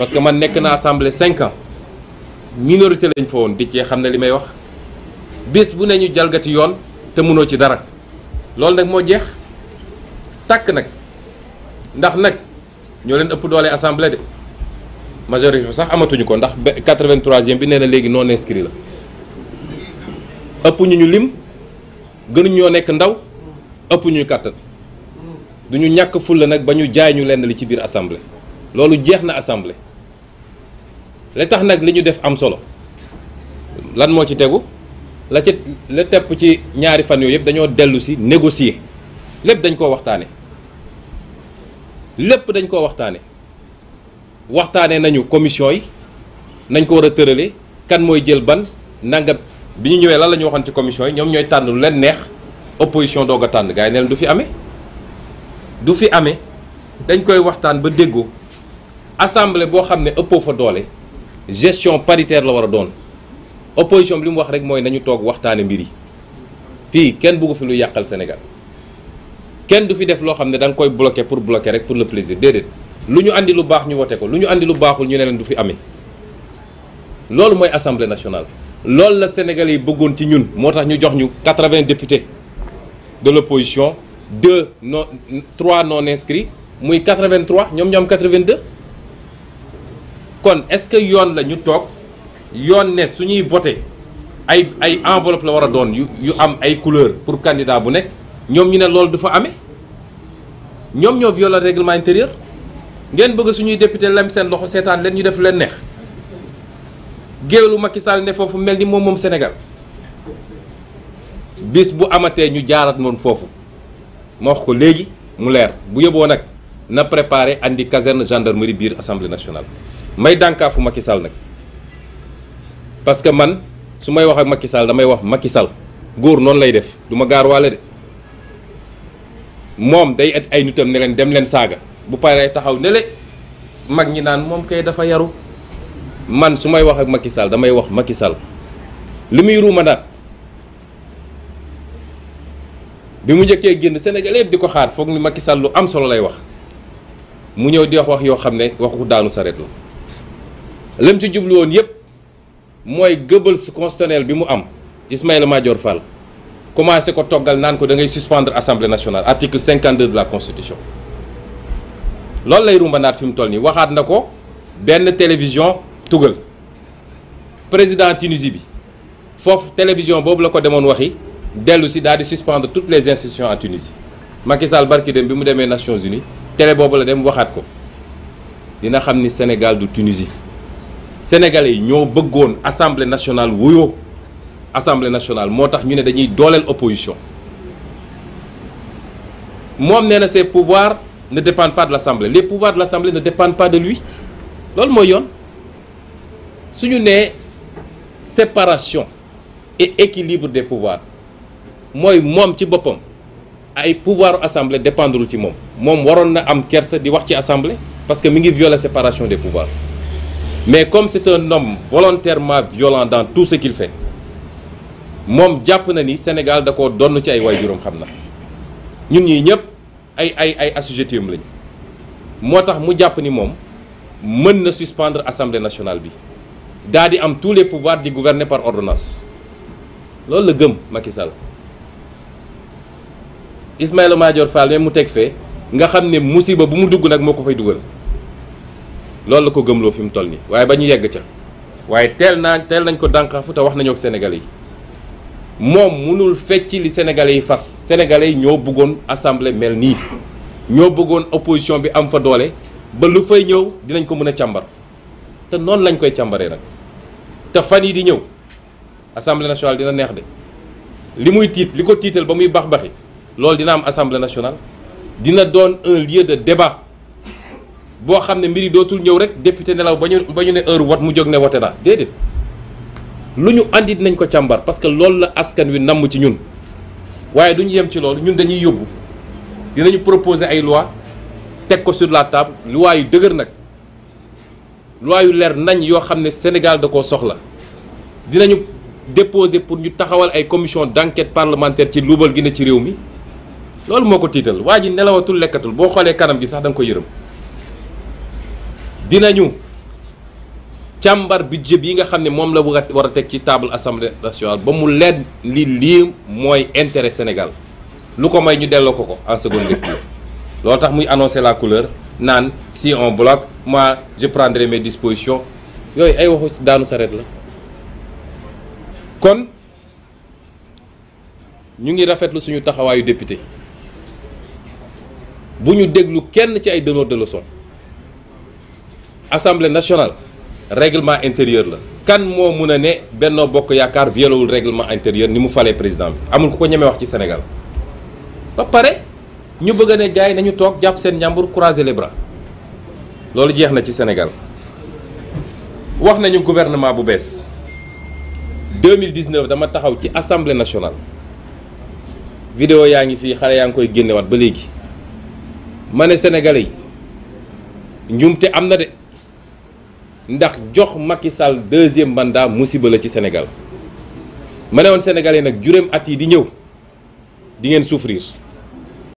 parce que man nekk na assemblée cinq ans minorité lañ fa woon di cee xam ne li may wax bés bu ne ñu jalgati yoon te mënoo ci dara loolu nag moo jeex tàkk nag ndax nag ñoo leen ëpp doole assemblée de majorité bi sax amatuñu ko ndax ba 83 bi nee na léegi non inscrit la ëpp ñu ñu lim gënuñ ñoo nekk ndaw ëpp ñu kàttan du ñu ñàkk fulla nag ba ñu jaay ñu lenn li ci biir assemblée loolu jeex na assemblé li tax nag li ñu def am solo lan moo ci tegu la ca la tepp ci ñaari fan yooyu yëpp dañoo dellu si négocier lépp dañ koo waxtaane lépp dañ koo waxtaane waxtaane nañu commission yi nañ ko war a tërale kan mooy jël ban nangam bi ñu ñëwee lan la ñu waxoon ci commission yi ñoom ñooy tànn lu leen neex opposition doog a tànn gars yi ne du fi amee du fi amee dañ koy waxtaan ba déggoo assemblée boo xam ne ëppoo fa doole gestion paritaire la war a doon opposition bi li mu wax rek mooy nañu toog waxtaane mbir yi fii kenn bugg fi lu yàqal Sénégal kenn du fi def loo xam ne da nga koy bloquer pour bloquer rek pour le plaisir déedéet lu ñu andi lu baax ñu wote ko lu ñu andi lu baaxul ñu ne leen du fi amee loolu mooy assemblée nationale. loolu la sénégal yi bëggoon ci ñun moo tax ñu jox ñu 80 députés de l'opposition deux non trois non inscrits muy 83 ñoom ñoo am kon est-ce que yoon la ñu toog yoon ne suñuy ñuy ay ay enveloppe la war a doon yu yu am ay couleur pour candidat bu nekk ñoom ñu ne loolu du fa amee ñoom ñoo violé règlement intérieur ngeen bëgg suñuy député lem seen loxo seetaan leen ñu def leen neex géwélu Macky Sall ne foofu mel ni moom moom senegal bis bu amatee ñu jaarat noonu foofu ma wax ko léegi mu leer bu yóbboo nag na préparer andi caserne gendarmerie biir assemblée nationale. may dànkaafu Macky Sall nag parce que man su may wax ak Macky Sall damay wax Macky Sall góor noonu lay def du ma gaar waale de moom day at ay nitam neleen leen dem leen saaga bu paree taxaw nele mag ñi naan moom kay dafa yaru man su may wax ak Macky Sall damay wax Macky Sall lu muy ruuma naat bi mu njëkkee génn Sénégal di ko xaar foog ni makki Sall lu am solo lay wax mu ñëw di wax wax yoo xam ne waxu daanu sareet la lam ci jublu woon yëpp mooy gëbal su constitutionnel bi mu am Ismaïla Madior Fall commencé ko toggal naan ko da ngay suspendre assemblée nationale article 52 de la loolu lay rumbanaat fi mu toll nii waxaat na ko benn télévision tugal président Tunisie bi foofu télévision boobu la ko demoon waxi dellu si daal di suspendre toutes les institutions en Tunisie Macky Sall barki dem bi mu demee Nations Unies télé boobu la dem waxaat ko dina xam ni Sénégal du Tunisie sénégalais yi ñoo bëggoon assemblée nationale wuyoo assemblée nationale moo tax ñu ne dañuy dooleel opposition moom nee na ses pouvoirs ne dépendent pas de l'assemblée les pouvoirs de l'assemblée ne dépendent pas de lui loolu mooy yoon suñu nee séparation et équilibre des pouvoirs mooy moom ci boppam ay pouvoir assemblée dépendrul ci moom moom waroon na am kersa di wax ci assemblée parce que mu ngi violer séparation des pouvoirs mais comme c'est un homme volontairement violent dans tout ce moom jàpp na ni Sénégal da koo donn ci ay waay juróom xam na ñun ñii ñëpp ay ay ay assujettis lañ moo tax mu jàpp ni moom mën na suspendre assemblée nationale bi daa di am tous les pouvoirs di gouverner par ordonnance loolu la gëm Macky Sall Ismaïla Madior Fall mu teg fee nga xam ne musiba bu mu dugg nag moo ko fay dugal. loolu la ko gëmloo fi mu toll nii waaye ba ñu yegg ca waaye teel naa teel nañ ko dànqaafu te wax nañoo ak sénégalais yi moom mënul fecc li sénégalais yi fas sénégalais yi ñoo bëggoon assemblée mel nii ñoo bëggoon opposition bi am fa doole ba lu fay ñëw dinañ ko mën a càmbar te noonu lañ koy càmbaree nag te fan yi di ñëw assemblée nationale dina neex de li muy tiit li ko tiital ba muy bax baxi loolu dina am assemblée nationale dina doon un lieu de débat boo xam ne mbir yi dootul ñëw rek député nelaw ba ñu ba ñu ne heure vote mu jóg ne wote naa déedéet lu ñu andi nañ ko càmbar parce que loolu la askan wi namm ci ñun waaye du ñu yem ci loolu ñun dañuy yóbbu dinañu proposer ay loi teg ko sur la table loi yu dëgër nag loi yu leer nañ yoo xam ne Sénégal da koo soxla dinañu déposer pour ñu taxawal ay commission d'enquête parlementaire ci luubal gi ci réew mi loolu moo ko tiital waa ji nelawatul lekkatul boo xoolee kanam gi sax da ko yërëm. dinañu càmbar budget yi nga xam ne moom la war a teg ci table assemblée nationale ba mu leen li lii mooy intérêt Sénégal lu ko may ñu delloo ko ko en seconde lecture loolu tax muy annoncer la couleur naan si on bloque moi je prendrai mes dispositions yooyu ay waxu daanu saret la kon ñu ngi rafetlu suñu taxawaayu député bu ñu déglu kenn ci ay donneurs de leçons assemblée nationale réglement intérieur la kan moo mun a ne Benno Bokk Yaakaar violewul règlement intérieur ni mu falee président bi amul ku ko ñemee wax ci Sénégal ba pare ñu bëgg a ne gars nañu toog jàpp seen njàmbur croiser les bras loolu jeex na ci Sénégal wax nañu gouvernement bu bees 2019 dama taxaw ci assemblée nationale vidéo yaa ngi fii xale yaa ngi koy génnewaat ba léegi ma ne sénégalais yi njuumte am na de ndax jox makki Sall deuxième mandat musiba la ci senegal ma ne woon Sénégalais nag juróom at yi di ñëw di ngeen souffrir.